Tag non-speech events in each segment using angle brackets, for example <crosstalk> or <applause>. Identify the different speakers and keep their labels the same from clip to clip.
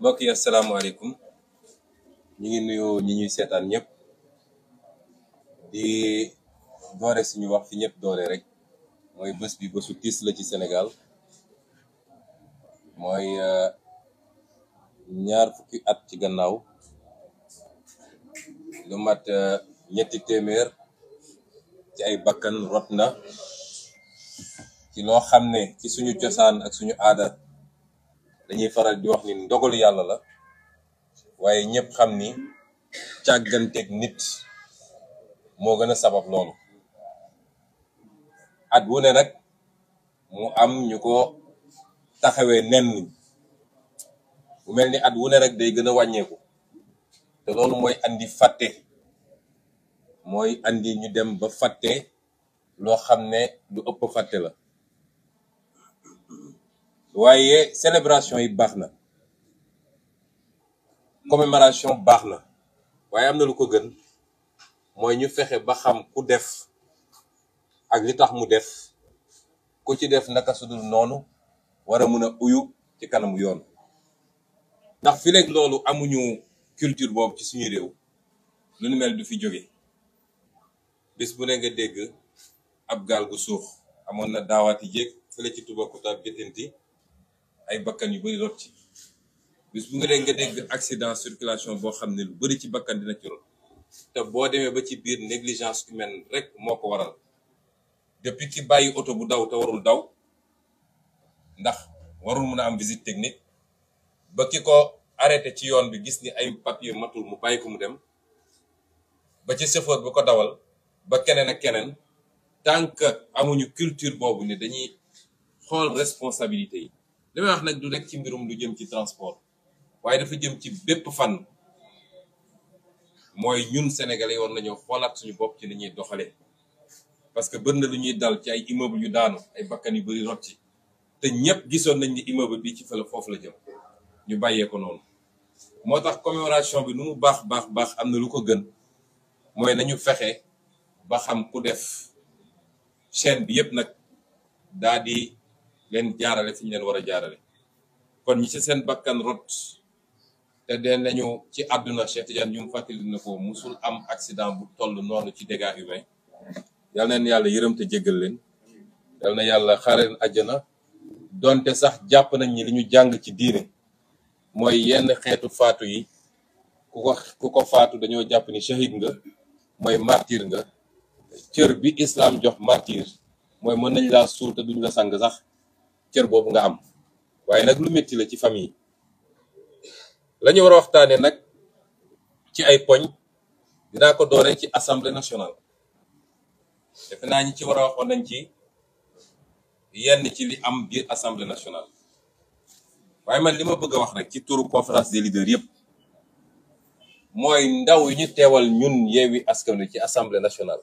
Speaker 1: mbokk yi asalaamaaleykum ñu ngi nuyoo ñi ñuy seetaan ñëpp di doore suñu wax fi ñëpp doore rek mooy bés bi bésu tiis la ci Sénégal mooy ñaar fukki at ci gannaaw lu mat ñetti téeméer ci ay bakkan rot na ci loo xam ne ci suñu cosaan ak suñu aada dañuy faral di wax ni ndogalu yàlla la waaye ñëpp xam ni càgganteek nit moo gën a sabab loolu at wu ne nag mu am ñu ko taxawee nen bu mel ni at wu ne rek day gën a wàññeeku te loolu mooy andi fàtte mooy andi ñu dem ba fàtte loo xam ne lu ëpp fàtte la waaye célébration yi baax na commémoration baax na waaye am na lu ko gën mooy ñu fexe ba xam ku def ak li tax mu def ku ci def naka sudul noonu war a mën a uyu ci kanamu yoon ndax fi léegi loolu amuñu culture boobu ci suñu réew lu nu mel du fi jóge bis bu ne nga dégg ab gaal gu suux amoon na daawaati jéeg fële ci Toubacouta Bitinti ay bakkan yu bëri rot ci bis bu nga dee nga dégg accident circulation boo xam ne lu bari ci bakkan dina ci te boo demee ba ci biir négligence humaine rek moo ko waral depuis ki bàyyi oto bu daw te warul daw ndax warul mun a am visite technique ba ki ko arrêté ci yoon bi gis ni ay papier matul mu bàyyi ko mu dem ba ci chauffeur bu ko dawal ba keneen ak keneen tant que amuñu culture boobu ni dañuy xool responsabilité yi li may wax nag du rek ci mbirum lu jëm ci transport waaye dafa jëm ci bépp fànn mooy ñun sénégalais yi war nañoo xoolaat suñu bopp ci li ñuy doxalee parce que bëri na lu ñuy dal ci ay immeuble yu daanu ay bakkan yu bëri rot te ñëpp gisoon nañ ni immeuble bi ci fële foofu la jëm ñu bàyyee ko noonu moo tax commémoration bi nu mu baax baax baax am na lu ko gën mooy nañu fexe ba xam ku def chaine bi yëpp nag daa di leen jaarale fi leen war a jaarale kon ñi seen bakkan rot te dee nañu ci àdduna Cheikh Tidiane ñu fàttali na ko musul am accident bu toll noonu ci dégâts humains yal na yàlla yërëm te jéggal leen yal na yàlla xareen àjjana donte sax jàpp nañ ni li ñu jàng ci diine mooy yenn xeetu faatu yi ku ko ku ko faatu dañoo jàpp ni shahid nga mooy martyr nga cër bi islam jox martyr mooy mën nañ laa suul te duñ la sang sax cër boobu nga am waaye nag lu métti la ci famille lañu war a waxtaane nag ci ay poñ dinaa ko doore ci assemblée nationale defe naa ñi ci war a waxoon nañ ci yenn ci li am biir assemblée nationale waaye man li ma bëgg a wax rek ci turu conférence des leaders yëpp mooy ndaw yi ñu teewal ñun Yewwi Askan Wi ci assemblée nationale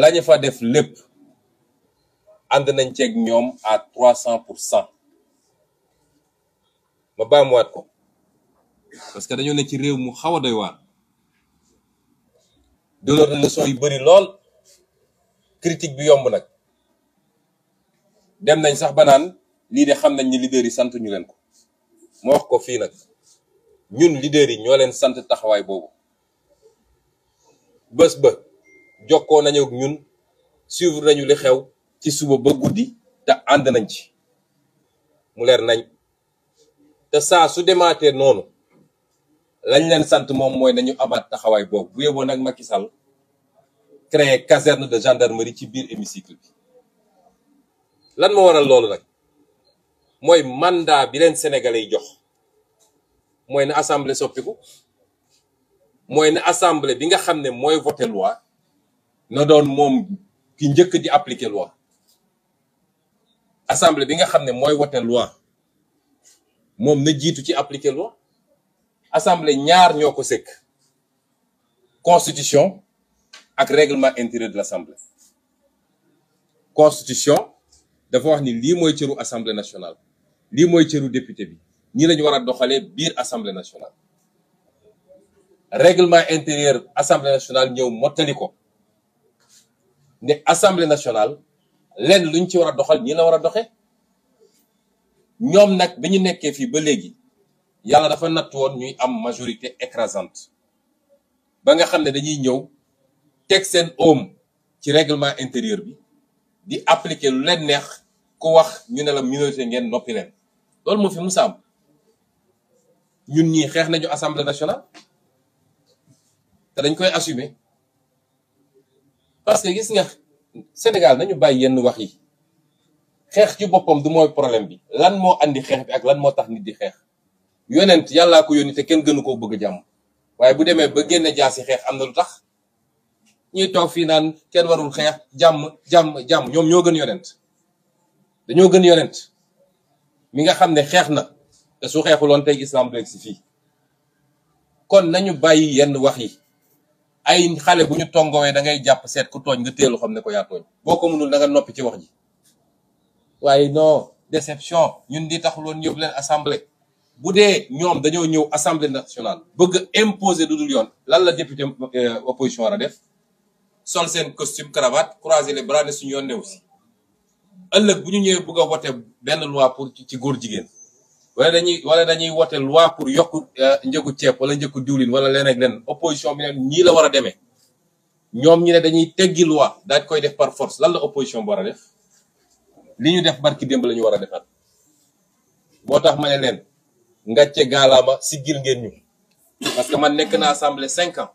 Speaker 1: lañu fa def lépp ànd nañ ceeg ñoom à trois cent pour cent ma baamuwaat ko parce que dañoo ne ci réew mu xaw a doy waar doonoon leçon yu bari lool critique bi yomb nag dem nañ sax ba naan lii de xam nañ ni leader yi sant ñu leen ko ma wax ko fii nag ñun leader yi ñoo leen sant taxawaay boobu bés ba jokkoo nañu ñun suivre nañu li xew ci suba ba guddi te ànd nañ ci mu leer nañ te saa su demaatee noonu lañ leen sant moom mooy nañu amaat taxawaay boobu bu yeboo nag Macky sal créé caserne de gendarmerie ci biir hémicycle bi lan moo waral loolu nag mooy mandat bi leen sénégalais yi jox mooy na assemblée soppiku mooy na assemblée bi nga xam ne mooy voté loi na doon moom ki njëkk di appliquer loi assemblée bi nga xam ne mooy wote loi moom na jiitu ci appliquer loi assemblée ñaar ñoo ko sëkk constitution ak règlement intérieur de l'assemblée constitution dafa wax ni lii mooy cëru assemblée nationale lii mooy cëru député bi ñii lañu war a doxalee biir assemblée nationale réglement intérieur assemblée nationale ñëw mottali ko ne assemblée nationale lenn ñu ci war a doxal ñi la war a doxe ñoom nag bi ñu nekkee fii ba léegi yàlla dafa natt woon ñuy am majorité écrasante ba nga xam ne dañuy ñëw teg seen oom ci réglement intérieur bi di appliquer lu leen neex ku wax ñu ne la minorité ngeen noppi leen loolu moo fi musa am ñun ñii xeex nañu assemblée nationale te dañ koy assume parce que gis nga Sénégal nañu bàyyi yenn wax yi xeex ci boppam du mooy problème bi lan moo andi xeex bi ak lan moo tax nit di xeex yonent yàllaa ko yónni kenn gënu koo bëgg jàmm waaye bu demee ba génne jaasi xeex am na tax ñuy toog fii naan kenn warul xeex jàmm jàmm jàmm ñoom ñoo gën yonent dañoo gën yonent mi nga xam ne xeex na te su xeexuloon tey islam du egg si fii kon nañu bàyyi yenn wax yi ay xale bu ñu tongowee da ngay jàpp seet ku tooñ nga teelu xam ne ko yaa tooñ boo ko mënul da nga noppi ci wax ji waaye non déception ñun di taxuloon yóbbu leen assemblée bu dee ñoom dañoo ñëw assemblée nationale bëgg imposer lu dul yoon lan la député euh, opposition war a def sol seen costume cravate croiser les bras ne suñu yoon ne aussi ëllëg bu ñu ñëwee bëgg a voter benn loi pour ci góor jigéen wala dañuy wala dañuy wote loi pour yokk euh, njëgu ceeb wala njëgu diwlin wala leneen ak leneen opposition bi ne ñii la war a demee ñoom ñu ne dañuy teggi loi daaj koy def par force lan la opposition bi war a def li ñu def barki démb la war a defaat moo tax ma ne leen ngàcce gaalaama siggil ngeen ñu parce que man nekk naa assemblée cinq ans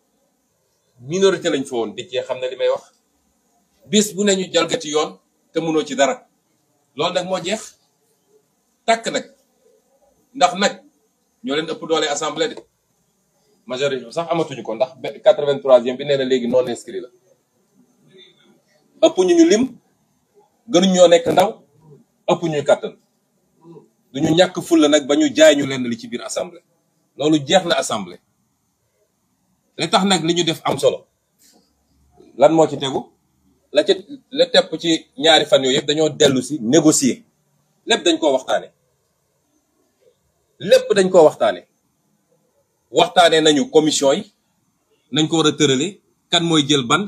Speaker 1: minorité lañ fa woon dikkee xam ne li may wax bis bu ne ñu jalgati yoon te mënoo ci dara loolu nag moo jeex takk nag ndax nag ñoo leen ëpp doole assemblée de majorité sax amatuñu ko ndax quatre-vingt-troisième bi nee na léegi non inscrit la ëpp ñu ñu lim gënuñ nekk ndaw ëpp ñu kàttan duñu ñàkk fulla nag ba ñu jaay ñu leen li ci biir assemblée loolu jeex na assemblée li tax nag li ñu def am solo lan moo ci tegu la ca la tepp ci ñaari fan yooyu yëpp dañoo dellu si négocier lépp dañ koo waxtaane lépp dañ koo waxtaane waxtaane nañu commission yi nañ ko war a tërale kan mooy jël ban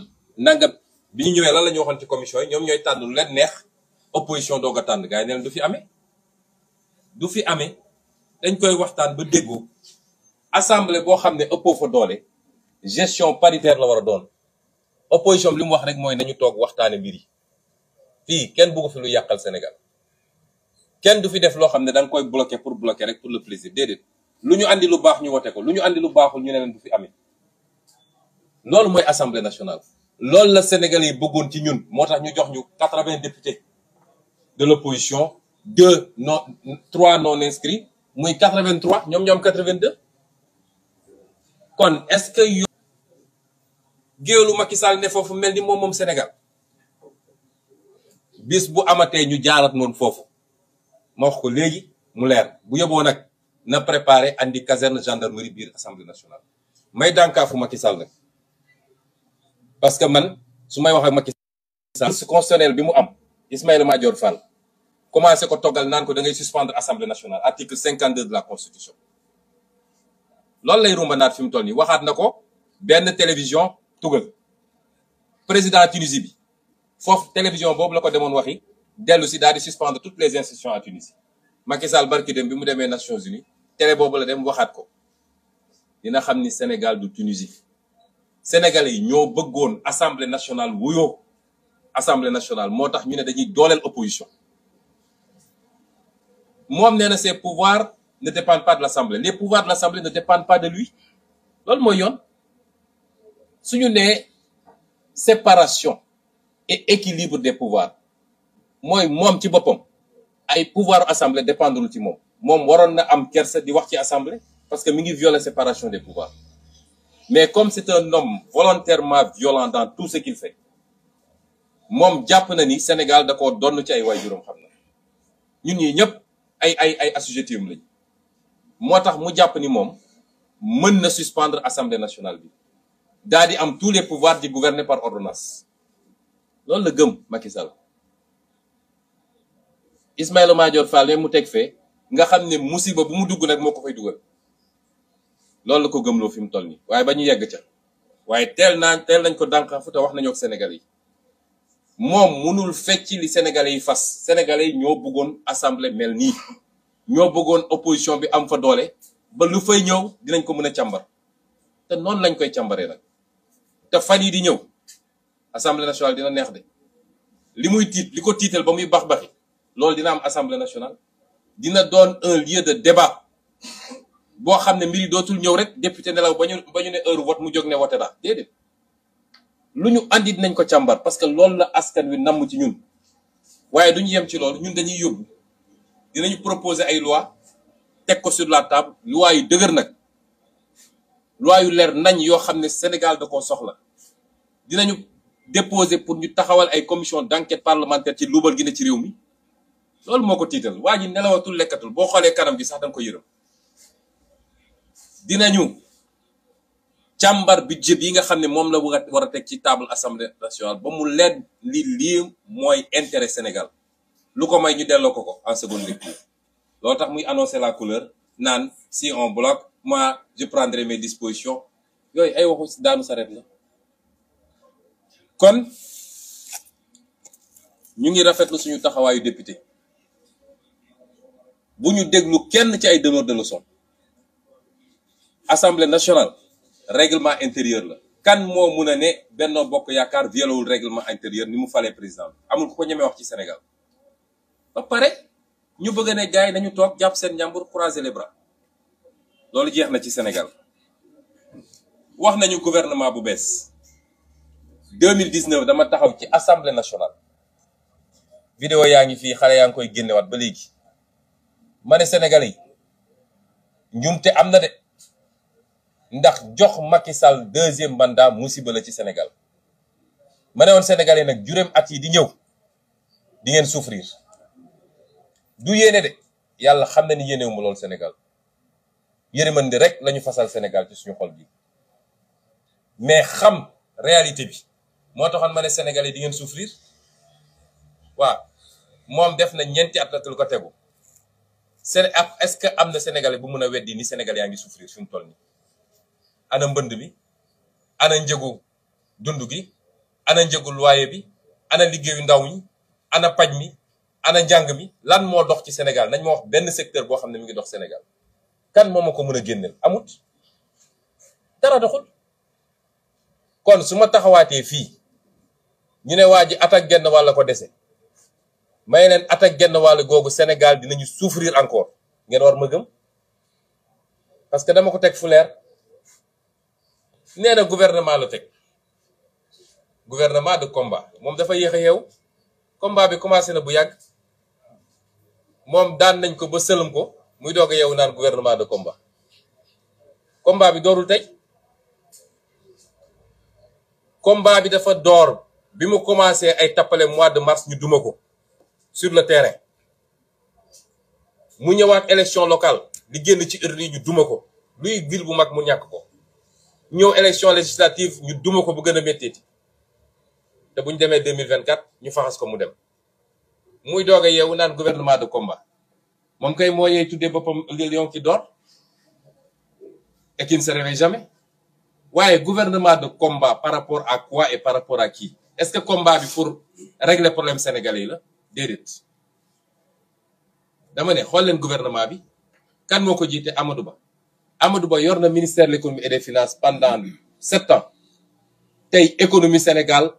Speaker 1: nangam bi ñu ñëwee lan la ñu waxoon ci commission yi ñoom ñooy tànn lu leen neex opposition doog a tànn gars yi du fi amee du fi amee dañ koy waxtaan ba déggoo assemblée boo xam ne ëppoo fa doole gestion paritaire la war a doon opposition bi li mu wax rek mooy nañu toog waxtaanee mbir yi fii kenn bëggu fi lu yàqal Sénégal kenn du fi def loo xam ne da nga koy bloqué pour bloquer rek pour le plaisir déedéet lu ñu andi lu baax ñu wote ko lu ñu andi lu baaxul ñu ne leen du fi amee loolu mooy assemblée nationale. loolu la Sénégalais yi bëggoon ci ñun moo tax ñu jox ñu quatre-vingts députés de l'opposition deux non trois non inscrits muy quatre-vingt-trois ñoom ñoom quatre-vingt-deux kon est-ce que yo géelu Macky ne foofu mel ni moom moom Sénégal bis bu amatee ñu jaarat noonu foofu ma wax ko léegi mu leer bu yóbboo nag na préparer andi caserne gendarmerie biir assemblée nationale may dànkaafu Macky Sall nag parce que man su may wax ak Macky Sall constitutionnel bi mu am Ismaïla Madior Fall commencé ko toggal naan ko da ngay suspendre assemblée nationale article 52 de la constitution loolu lay rumbanaat naat mu toll nii waxaat na ko benn télévision tugal président Tunisie bi foofu télévision boobu la ko demoon waxi dellu si daal di suspendre toutes les institutions à Tunisie Macky Sall barki dem bi mu demee Nations Unies tere boobu la dem waxaat ko dina xam ni Sénégal du Tunisie Sénégalais yi ñoo bëggoon assemblée nationale wuyoo assemblée nationale moo tax ñu ne dañuy dooleel opposition moom nee na ses pouvoirs ne dépendent pas de l'assemblée les pouvoirs de l'assemblée ne dépendent pas de lui loolu mooy yoon suñu nee séparation et équilibre de pouvoirs mooy moom ci boppam ay pouvoir dépendre lu ci moom moom waroon na am kersa di wax ci assemblée parce que mi ngi violer séparation des pouvoirs mais comme c'est un homme volontairement violent dans tout ce qu'il fait moom jàpp na ni Sénégal da koo donn ci ay waajuram xam na ñun nii ñëpp ay ay ay assujettis am moo tax mu jàpp ni moom mën na suspendre assemblée nationale bi daal di am tous les pouvoirs di gouverner par ordonnance loolu la gëm Macky Ismaïla Madior Fall ne mu teg fee nga xam ne ba bu mu dugg nag moo ko koy dugal loolu la ko gëmloo fi mu toll nii waaye ba ñu yegg ca waaye teel naa teel nañ ko dànqaafu te wax nañoo ak Sénégal yi moom mënul fecc li Sénégalais yi fas Sénégalais yi ñoo bëggoon assemblée mel nii ñoo bëggoon opposition bi am fa doole ba lu fay ñëw dinañ ko mën a càmbar te noonu lañ koy càmbaree nag te fan yi di ñëw assemblée nationale dina neex de li muy tiit li ko tiital ba muy bax baxi loolu dina am assemblée nationale dina doon un lieu de débat boo xam ne mbir dootul ñëw rek député nelaw ba ñu ba ñu ne heure vote mu jog ne wote la déedéet lu ñu andi dinañ ko càmbar parce que loolu la askan wi namm ci ñun waaye duñu yem ci loolu ñun dañuy yóbbu dinañu proposer ay loi teg ko sur la table loi yu dëgër nag loi yu leer nañ yoo xam ne Sénégal da ko soxla dinañu déposer pour ñu taxawal ay commission d'enquête parlementaire ci luubal gi ne ci réew mi loolu moo ko tiital waa ji nelawatul lekkatul boo xoolee kanam bi sax danga ko yërëm dinañu càmbar bi budget yi nga xam ne moom la war a teg ci table assemblée nationale ba mu leen li lii mooy intérêt Sénégal lu ko may ñu delloo ko ko en seconde lecture loolu tax muy annoncer la couleur naan si on bloque moi je prendre mes dispositions yooyu ay waxu daanu saret la kon ñu ngi rafetlu suñu taxawaayu député bu ñu déglu kenn ci ay donneurs de leçon assemblée nationale règlement intérieur la kan moo mun a ne Benno Bokk Yaakaar violewul règlement intérieur ni mu falee président amul ku ko ñemee wax ci Sénégal ba pare ñu bëgg ne gars nañu toog jàpp seen njàmbur croiser les loolu jeex na ci Sénégal wax nañu gouvernement bu bees 2019 dama taxaw ci assemblée nationale vidéo yaa ngi fii xale yaa ngi koy génnewaat ba léegi ma ne Sénégalais yi njumte am na de ndax jox Macky Sall deuxième mandat musiba la ci Sénégal ma ne woon Sénégalais nag juróom at yi di ñëw di ngeen souffrir du yéene de yàlla xam na ni yéenewu ma lool Sénégal yërmande rek lañu ñu fasal Sénégal ci suñu xol bi mais xam réalité bi moo taxoon ma ne Sénégalais di ngeen souffrir waaw moom def na ñeenti at la lu ko tegu. Séné est-ce que am na sénégalais bu mun a weddi ni Sénégal yaa ngi souffrir fi mu toll nii ana mbënd bi ana njëgu dund gi ana njëgu loyer bi ana liggéeyu ndaw ñi ana paj mi ana njàng mi lan moo dox ci Sénégal nañ ma wax benn secteur boo xam ne mu ngi dox Sénégal kan moo ma ko mën a génneel amut dara doxul kon su ma taxawaatee fii ñu ne waa ji at ak genn wàlla ko dese may leen attaque genn wàll googu Sénégal dinañu souffrir encore ngeen war ma gëm parce que dama ko teg fu leer nee na gouvernement la teg gouvernement de combat moom dafa yéex a yeew combat bi commencé na bu yàgg moom daan nañ ko ba sëlum ko muy doog a yeewu naan gouvernement de combat combat bi doorul tey combat bi dafa door bi mu commencé ay tappale mois de mars ñu duma ko sur le terrain mu ñëwaat élection locale li génn ci urne yi ñu duma ko luy ville bu mag mu ñàkk ko ñëw élection législative ñu duma ko bu gën a métteeti te bu ñu demee 2024 ñu faxas ko mu dem muy doog a yeewu naan gouvernement de combat moom kay moo ñuy tuddee boppam le lion qui dort et se réveille jamais waaye gouvernement de combat par rapport à quoi et par rapport à qui est-ce que combat bi pour régler problème sénégalais yi la déedéet dama ne xool leen gouvernement bi kan moo ko jiite Amadou Ba Amadou Ba yor na ministère de l'économie et des finances pendant sept ans tey économie Sénégal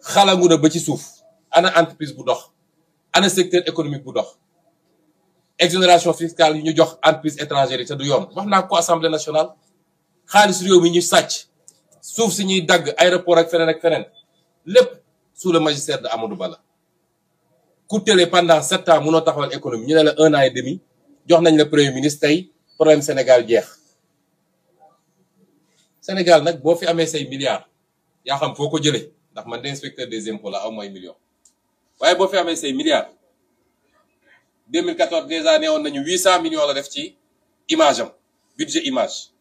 Speaker 1: xalangu na ba ci suuf ana entreprise bu dox ana secteur économique bu dox exonération fiscale yu ñu jox entreprise étrangère yi du yoon wax naa ko assemblée nationale xaalis réew mi ñu sàcc suuf si ñuy dagg aéroport ak feneen ak feneen lépp sous le magistère de Amadou Ba la coupé pendant sept ans mënoo taxawal économie ñu ne la un an et demi jox nañ la premier ministre tey problème Sénégal jeex Sénégal nag boo fi amee say milliards yaa xam foo ko jëlee ndax man de inspecteur des impôts la aw mooy million waaye boo fi amee say milliards 2014 déjà neewoon nañu 800 millions la def ci image am budget image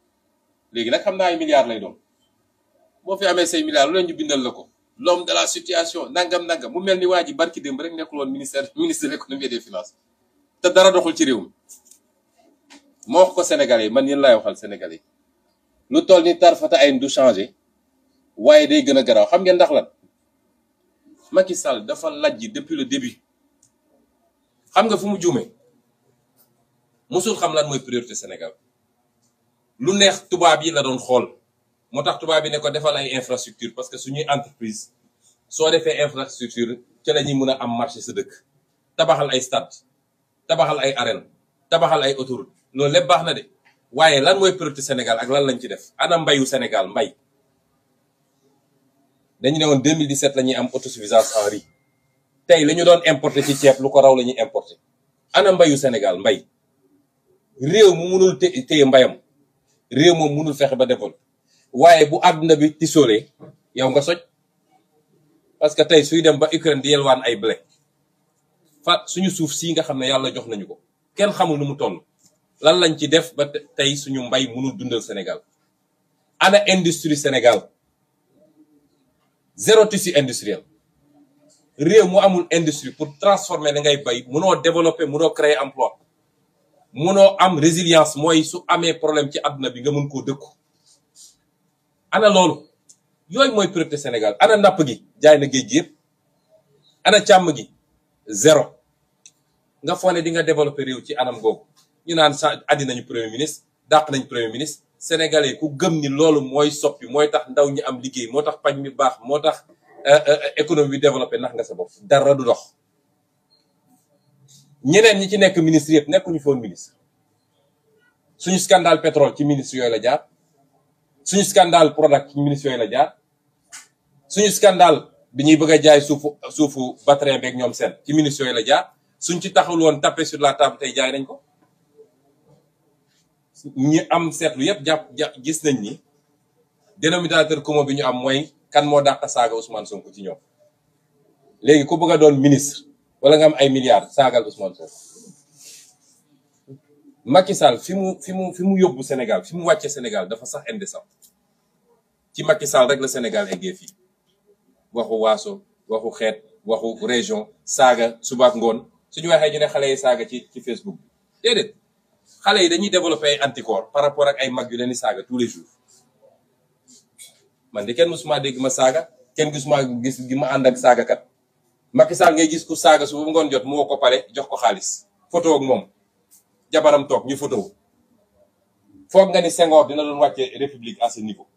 Speaker 1: léegi nag xam naa ay milliards lay doon boo fi amee say milliards lu leen ñu bindal la ko. l'homme de la situation nangam nangam mu mel ni waa ji barki démb rek nekkul woon ministère <laughs> ministre de l'économie et te dara doxul ci réew mi moo wax ko Sénégalais yi man yéen laay waxal Sénégalais lu toll ni tarfata ay du changé waaye day gën a garaaw xam ngeen ndax la Macky Sall dafa lajj depuis le début xam nga fu mu juumee mosul xam lan mooy priorité Sénégal lu neex tubaab yi la doon xool. moo tax tubaab bi ne ko defal ay infrastructure parce que suñuy entreprise soo defee infrastructure ca la ñuy mën a am marché sa dëkk tabaxal ay stade tabaxal ay arène tabaxal ay autoroute loolu lépp baax na de waaye lan mooy priorité Sénégal ak lan lañ ci def ana mbayu Sénégal mbay dañu ne woon 2017 la ñuy am autosuffisance en riz tey li ñu doon importer ci ceeb lu ko raw la ñuy importer ana mbayu Sénégal mbay réew mu mënul téye mbayam réew moom mënul fexe ba développé waaye bu àdduna bi tisoolee yow nga soj parce que tey suy dem ba Ukraine di yelwaan ay blé fa suñu suuf sii nga xam ne yàlla jox nañu ko kenn xamul nu mu toll lan lañ ci def ba tey suñu mbay mënul dundal Sénégal ana industrie Sénégal zéro tissu industriel réew mu amul industrie pour transformer da ngay bay mënoo développer mënoo créer emploi mënoo am résilience mooy su amee problème ci àdduna bi nga mën koo dëkku ana loolu yooyu mooy priorité Sénégal ana napp gi jaay na géej gi yëpp ana càmm gi zéro nga foog ne di nga développé réew ci anam googu ñu naan sa addi ñu premier ministre dàq nañ premier ministre sénégalais ku gëm ni loolu mooy soppi mooy tax ndaw ñi am liggéey moo tax pañ mi baax moo tax euh, euh, euh, économie bi développé nax nga sa bopp dara du dox ñeneen ñi ci nekk ministre yëpp nekkuñu foon ministre suñu scandale pétrole ci ministre yooyu la jaar suñu scandale Prodac ci ministère yi la jaar suñu scandale bi ñuy bëgg a jaay suufu suufu Batrin beeg ñoom seen ci ministère yi la jaar suñ ci taxawul woon tapé sur la table tey jaay nañ ko ñi am seetlu yëpp jàpp gis nañ ni dénominateur commun bi ñu am mooy kan moo dàq saaga Ousmane Sonko ci ñoom léegi ku bëgg a doon ministre wala nga am ay milliards saagal Ousmane Sonko Macky fi mu fi mu fi mu yóbbu Sénégal fi mu wàcce Sénégal dafa sax indécent ci Macky Sall rek la Sénégal eggee fi waxu waaso waxu xeet waxu région saaga subaak ngoon suñu waxee ñu ne xale yi saaga ci ci Facebook bi déedéet xale yi dañuy développer ay anticorps par rapport ak ay mag yu leen di saaga tous les jours man de kenn musuma dégg ma saaga kenn gisuma gis gi ma ànd ak saaga kat Macky Sall ngay gis ku saaga su ngoon jot mu woo ko pare jox ko xaalis photo ak moom jabaram toog ñu photo foog nga ni Senghor dina doon wàcce république à ce niveau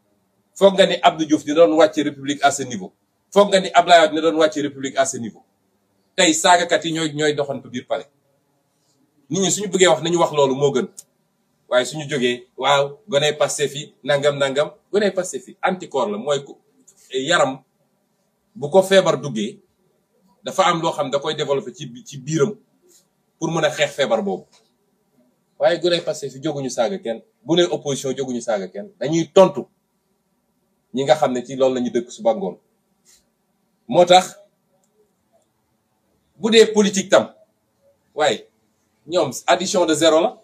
Speaker 1: foog nga ni Abdou Diouf ni doon wàcce république à ce niveau foog nga ni Abdoulaye Wade ni doon wàcce république à ce niveau tey saagakat yi ñooy ñooy doxantu biir palais nit ñi suñu bëggee wax nañu wax loolu moo gën waaye suñu jógee waaw goney passé fi nangam nangam goney passé fi anticorps la mooy ko yaram bu ko feebar duggee dafa am loo xam da koy développé ci ci biiram pour mën a xeex feebar boobu waaye goney passé fi jóguñu saaga kenn bu ne opposition jóguñu saaga kenn dañuy tontu ñi nga xam ne ci loolu la ñu dëkk suba ngoon moo tax bu dee politique tam waaye ñoom addition de zéro la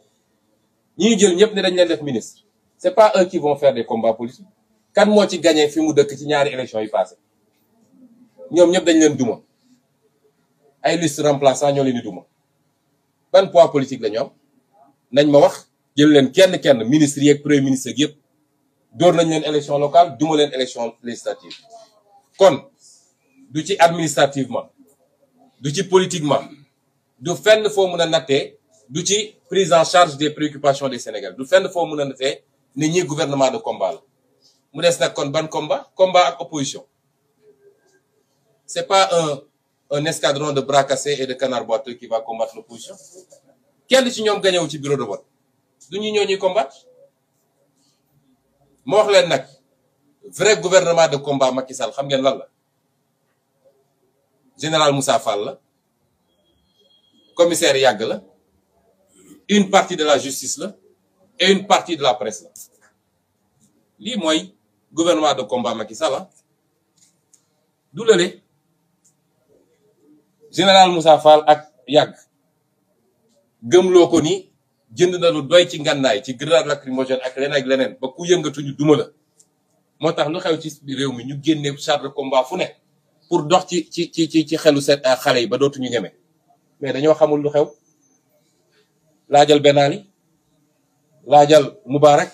Speaker 1: ñuy jël ñëpp ne dañ leen def ministre c'est pas eux qui vont faire des combats politiques kan moo ci gagné fi mu dëkk ci ñaari élection yi passé ñoom ñëpp dañ leen duma ay liste remplaçant ñoo leen di duma ban pois politique la ñu am nañ ma wax jël leen kenn kenn ministre yeeg premier ministre yëpp. dóor nañ leen élection locale duma leen élection législative kon du ci administrativement du ci politiquement du fenn foo mun a nattee du ci prise en charge des préoccupations des Sénégalais du fenn foo mun a nattee ne ñi gouvernement de combat la mu des nag kon ban combat combat ak opposition c'est pas un un escadron de bras et de canards boiteux qui va combattre l'opposition kenn ci ñoom ga ñëw ci bureau de vote du ñu ñoo ñuy moo wax leen nag vrai gouvernement de combat Macky Sall xam ngeen lan la général Moussa Fall la commissaire yàgg la une partie de la justice la et une partie de la presse la lii mooy gouvernement de combat Macky Sall la ah. du général Moussa Fall ak yàgg gëmloo ko ni jënd na lu doy ci ngànnaay ci grenade lacrymogène ak leneen ak leneen ba ku yëngatuñu duma la moo tax lu xew ci réew mi ñu génnee char de combat fu ne pour dox ci ci ci ci xelu set ah, xale yi ba dootuñu ñeme mais dañoo xamul lu xew laajal Ben Ali laajal Moubarak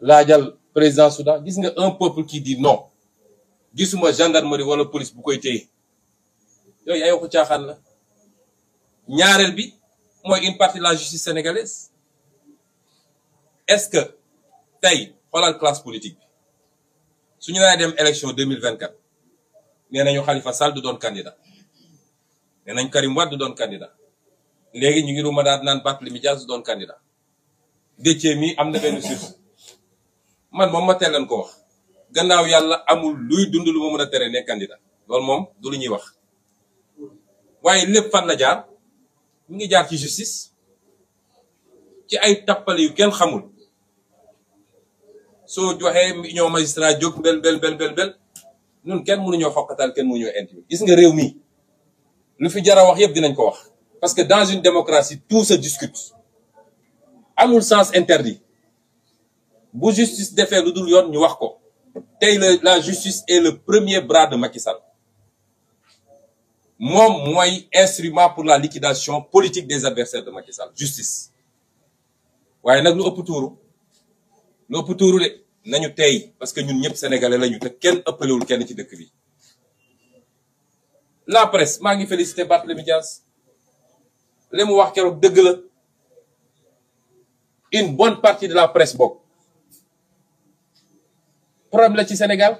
Speaker 1: laajal président Soudan gis nga un peuple qui di non gisuma gendarmerie wala police bu koy téye yooyu ay waxu caaxaan la ñaareel bi. mooy une partie de la justice sénégalaise est-ce que tey xoolal classe politique bi su ñu nee dem élection 2024 nee nañu Khalifa Sall du doon candidat nee nañ Karim Wade du doon candidat léegi ñu ngi ruma daal naan Barthélémy Dias du doon candidat Déthié mi am na benn sursis man moom ma teel leen ko wax gannaaw yàlla amul luy dund lu ma mën a tere ne candidat loolu moom du lu ñuy wax waaye lépp fan la jaar. mu ngi jaar ci justice ci ay tappale yu kenn xamul soo joxee ñoo magistrat jóg bel bel bel bel bel ñun kenn mënuñoo xokkatal kenn mënuñoo intimider gis nga réew mi lu fi jara wax yëpp dinañ ko wax parce que dans une démocratie tout se discute amul sens interdit bu justice defee lu dul yoon ñu wax ko tey la la justice et le premier bras de Macky Sall moom mooy instrument pour la liquidation politique des adversaires de Macky Sall justice waaye nag lu ëpp tuuru lu ëpp tuuru de nañu tey parce que ñun ñëpp sénégalais lañu te kenn ëppalewul kenn ci dëkk bi la presse maa ngi félicité Barthélémy Dias li mu wax keroog dëgg la une bonne partie de la presse bokk problème la ci Sénégal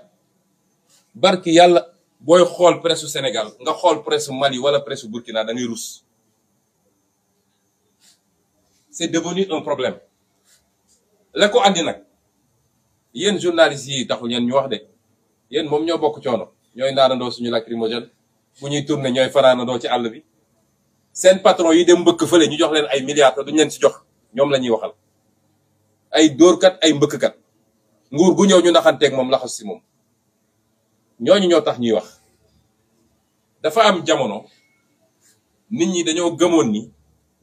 Speaker 1: barki yàlla booy xool presse Sénégal nga xool presse Mali wala presse Burkina da ngay rus c'est devenu un problème la ko andi nag yéen journalistes yi taxul ñeen ñu wax de yéen moom ñoo bokk coono ñooy naanandoo suñu lacrymogène bu ñuy tourné ñooy fanaanandoo ci àll bi seen patron yi de mbëkk fa fële ñu jox leen ay milliards te duñ leen si jox ñoom la ñuy waxal ay dóorkat ay mbëkkkat nguur gu ñëw ñu naxanteeg moom laxas si moom ñooñu ñoo tax ñuy wax dafa am jamono nit ñi dañoo gëmoon ni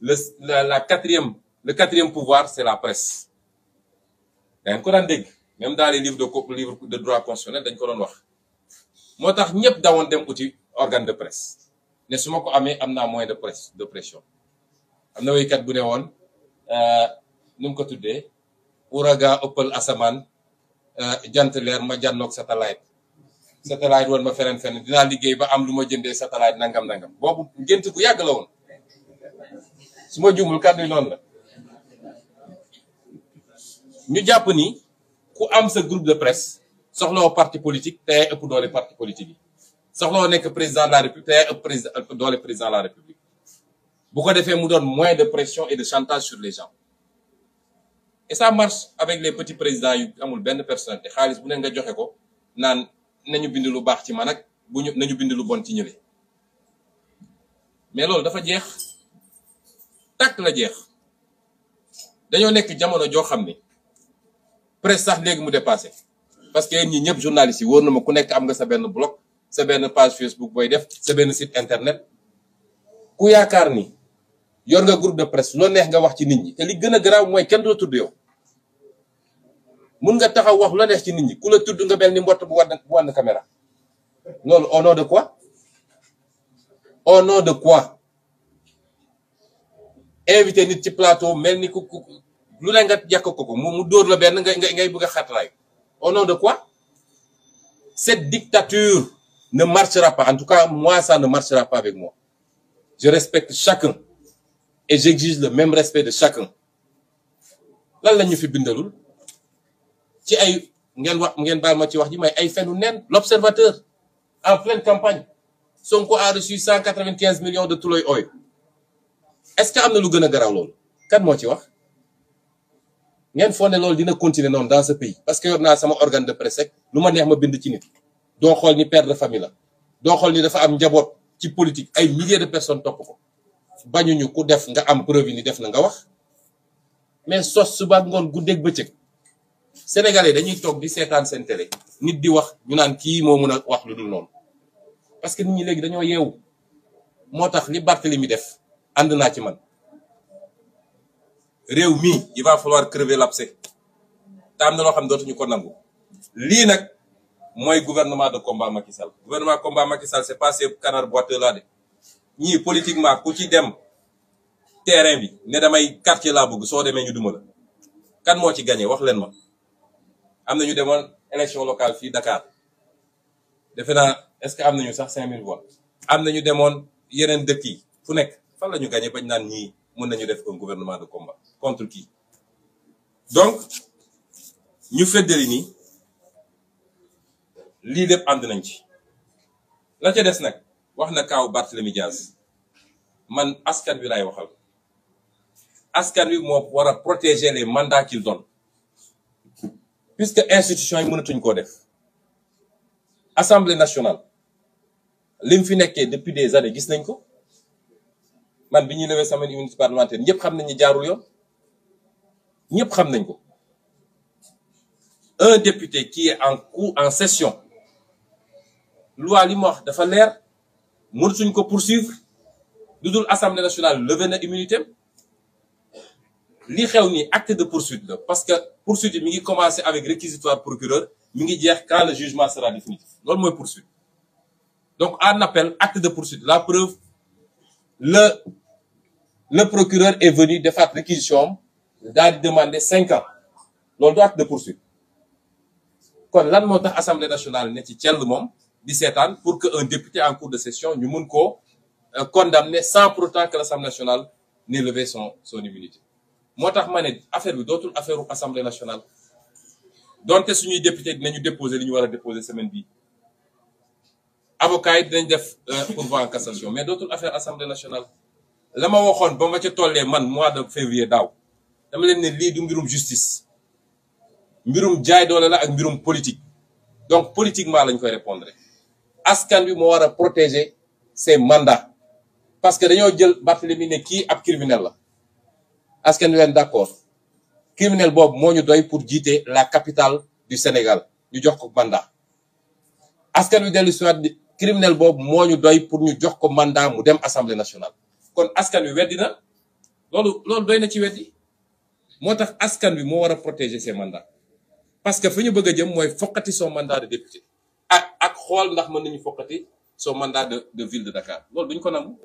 Speaker 1: le la la quatrième le quatrième pouvoir c'est la presse da ko daan dégg même daan les livres de livre de droit constitutionnel dañ ko doon wax moo tax ñëpp dawoon dem uti organe de presse ne su ma ko amee am naa moins de presse de pression am na waykat bu ne woon euh, nu ko tuddee ga ëppal asamaan euh, jant leer ma jànnoog satellite satellite woon ma feneen feneen dinaa liggéey ba am lu ma jëndee satellite nangam nangam boobu ngént bu yàgg la woon su ma juumul kàddu yi la ñu jàpp ni ku am sa groupe de presse soxloo parti politique te yaay ëpp doole parti politique yi soxloo nekk président la république te yaay ëpp doole président de la république bu ko defee mu doon moyen de pression et de chantage sur les gens et ça marche avec les petits présidents yu amul benn personne xaalis bu ne nga joxe ko nañu bind lu baax ci man ak bu ñu nañu bind lu bon ci ñële mais loolu dafa jeex tàkk la jeex dañoo nekk jamono joo xam ne presse sax léegi mu dépassé parce que yéen ñi ñëpp journalistes yi woo na ku nekk am nga sa benn blog sa benn page Facebook booy def sa benn site internet ku yaakaar ni yor nga groupe de presse loo neex nga wax ci nit ñi te li gën a garaaw mooy kenn doo tudd yow mun nga taxaw wax la neex ci nit ñi ku la tudd nga mel ni mbott bu wànn bu wànn caméra loolu au nom de quoi au nom de quoi invité nit ci plateau mel ni ku ku lu ne nga jàkk ko ko mu dóor la benn nga ngay bëgg a xatraay au nom de quoi cette dictature ne marchera pas en tout cas moi ça ne marchera pas avec moi je respecte chacun et j'exige le même respect de chacun lan la ñu fi bindalul ci ay ngeen wax ngeen baal ma ci wax ji may ay fenu neen l'observateur en pleine campagne Sonko a reçu cent quatre-vingt-quinze millions de tuloy ooy est-ce que am na lu gën a garaaw loolu kan moo ci wax ngeen foog ne loolu dina continuer noonu dans ce pays parce que yor naa sama organe de presse rek lu ma neex ma bind ci nit doo xool ni père de famille la doo xool ni dafa am njaboot ci politique ay milliers de personnes topp ko bañuñu ku def nga am preuve ni def na nga wax mais sos suba ngoon guddeeg bëccëg sénégalais dañuy toog di seetaan seen télé nit di wax ñu naan kii moo mën a wax lu dul noonu parce que nit ñi léegi dañoo yeewu moo tax li Barthélemy def ànd naa ci man réew mii il va falloir crever l'abcès te am na loo xam dootuñu ko nangu lii nag mooy gouvernement de combat Macky Sall gouvernement combat Macky Sall c'est pas ces canards boiteux là de ñii politiquement ku ci dem terrain bi ne damay quartier laa bëgg soo demee ñu duma la kan moo ci gagné wax leen ma am na ñu demoon élection locale fii Dakar defe naa est-ce que am nañu sax 5000 voix am na ñu demoon yeneen dëkk yi fu nekk fan la ñu gagné bañ naan ñii mën nañu def un gouvernement de combat contre qui donc ñu feddali ni lii lépp ànd nañ ci la ca des nag wax na kaaw Barthélemy Diaz man askan wi laay waxal askan wi moo war a protéger les mandats qu'il donne puisque institution yi mënatuñ koo def assemblée nationale li mu fi nekkee depuis des années gis nañ ko man bi ñuy lewee sama immunité parlementaire ñëpp xam nañu ni jaarul yoon ñëpp xam nañ ko un député qui est en cours en session loi li mu wax dafa leer mënatuñ ko poursuivre lu dul assemblée nationale levé na immunité li xew ni acte de poursuite la parce que poursuite yi mi ngi commencé avec réquisitoire procureur mi ngi jeex quand le jugement sera définitif loolu mooy poursuite donc en appel acte de poursuite la preuve le le procureur est venu defaat réquisition daal di demander cinq ans loolu du acte de poursuite kon lan moo tax assemblée nationale ne ci cell moom di seetaan pour que un député en cours de session ñu mun koo euh, condamner sans pour autant que l'assemblée nationale n'ait moo tax ma ne affaire bi dootul affaire assemblée nationale donte suñuy député ñu déposer li ñu war a déposer semaine bi avocat yi dinañ def euh, pourvoi en cassation mais dootul affaire assemblée nationale. la ma waxoon ba ma ca tollee man mois de février daaw dama leen ne lii du mbirum justice mbirum jaay doole la ak mbirum politique donc politiquement lañ koy répondre askan bi moo war a protéger ses mandats parce que dañoo jël Barthélemy ne kii ab criminel la. askan wi leen d'accord criminel boobu moo ñu doy pour jiite la capitale du Sénégal ñu jox ko mandat askan wi dellu siwaat criminel boobu moo ñu doy pour ñu jox ko mandat mu dem assemblée nationale kon askan wi weddi na loolu loolu doy na ci weddi moo tax askan wi moo war a protéger ses mandats parce que fu ñu bëgg a jëm mooy foqati soo mandat de député ak xool ndax mën nañu foqati soo mandat de de ville de Dakar loolu duñ ko nangu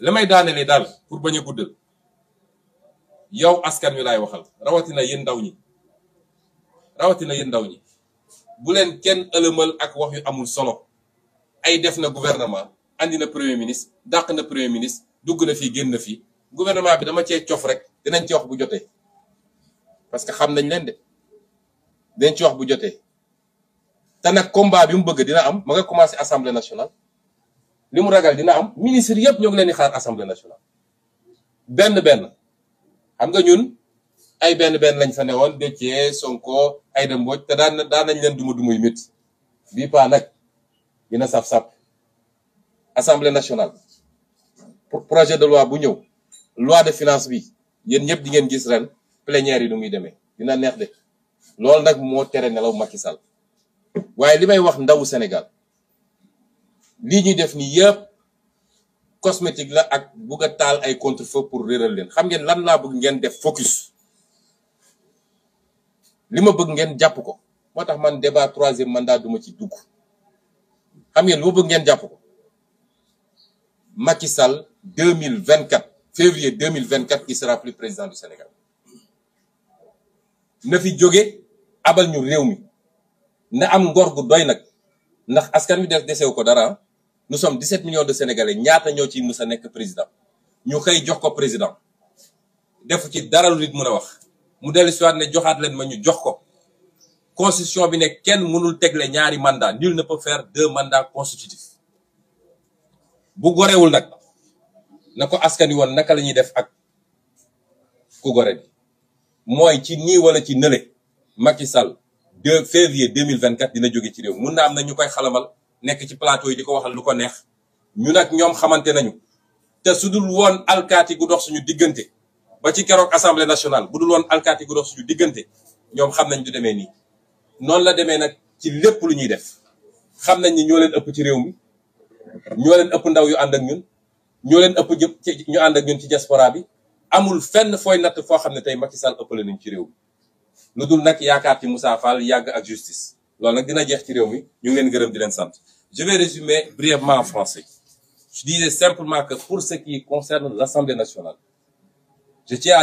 Speaker 1: la may daanelee daal pour bañ a guddal yow askan wi laay waxal rawatina yéen ndaw ñi rawatina yéen ndaw ñi bu leen kenn ëlëmal ak wax yu amul solo ay def na gouvernement andi na premier ministre dàq na premier ministre dugg na fii génn na fii gouvernement bi dama cee cof rek dinañ ci wax bu jotee parce que xam nañ leen de dinañ ci wax bu jotee te nag combat bi mu bëgg dina am ma nga commencé assemblée nationale. li mu ragal dina am ministre yëpp ñoo ngi leen di xaar assemblée nationale benn benn xam nga ñun ay benn benn lañ fa newoon Déthié Sonko Aïda Mbodj te daan daan nañ leen duma dumuy mit bii paa nag dina saf-saf assemblée nationale projet de loi bu ñëw loi de finance bi yéen ñëpp di ngeen gis ren plénière yi nu muy demee dina neex de loolu nag moo tere nelaw Macky Sall waaye li may wax ndawu Sénégal lii ñuy def nii yëpp cosmétique la ak bugg a taal ay contre-feu pour réeral leen xam ngeen lan laa bëgg ngeen def focus li ma bëgg ngeen jàpp ko moo tax man débat troisième mandat duma ci dugg xam ngeen li ma bëgg ngeen jàpp ko Macky Sall 2024 février 2024 il sera plus président du Sénégal na fi jóge abal ñu réew mi na am ngor gu doy nag ndax askan wi def desew ko dara nous sommes 17 millions de sénégalais ñaata ñoo ci mës a nekk président ñu xëy jox ko président defu ci dara lu nit mën a wax mu dellu si ne joxaat leen ma ñu jox ko constitution bi ne kenn mënul tegle ñaari mandat nul ne peut faire deux mandats constitutifs bu gorewul nag na ko askan wi woon naka lañuy def ak ku gore bi mooy ci nii wala ci nële Macky Sall 2 février 2024 dina jóge ci réew mun na am na ñu koy xalamal nekk ci plateau yi di ko waxal lu ko neex ñu nag ñoom xamante nañu te su dul woon alkaati gu dox suñu diggante ba ci keroog assemblée nationale bu dul woon alkaati gu dox suñu diggante ñoom xam nañ du demee nii noonu la demee nag ci lépp lu ñuy def xam nañ ñi ñoo leen ëpp ci réew mi ñoo leen ëpp ndaw yu ànd ak ñun ñoo leen ëpp jëpp ci ñu ànd ak ñun ci diaspora bi amul fenn fooy natt foo xam ne tey Macky ëpp ëppale nañ ci réew mi lu dul nag yaakaar ci Moussa Fall yàgg ak justice loolu nag dina jeex ci réew mi ñu ngi leen gërëm di leen sant Je vais résumer brièvement en français. Je disais simplement que pour ce qui concerne l'Assemblée nationale, je tiens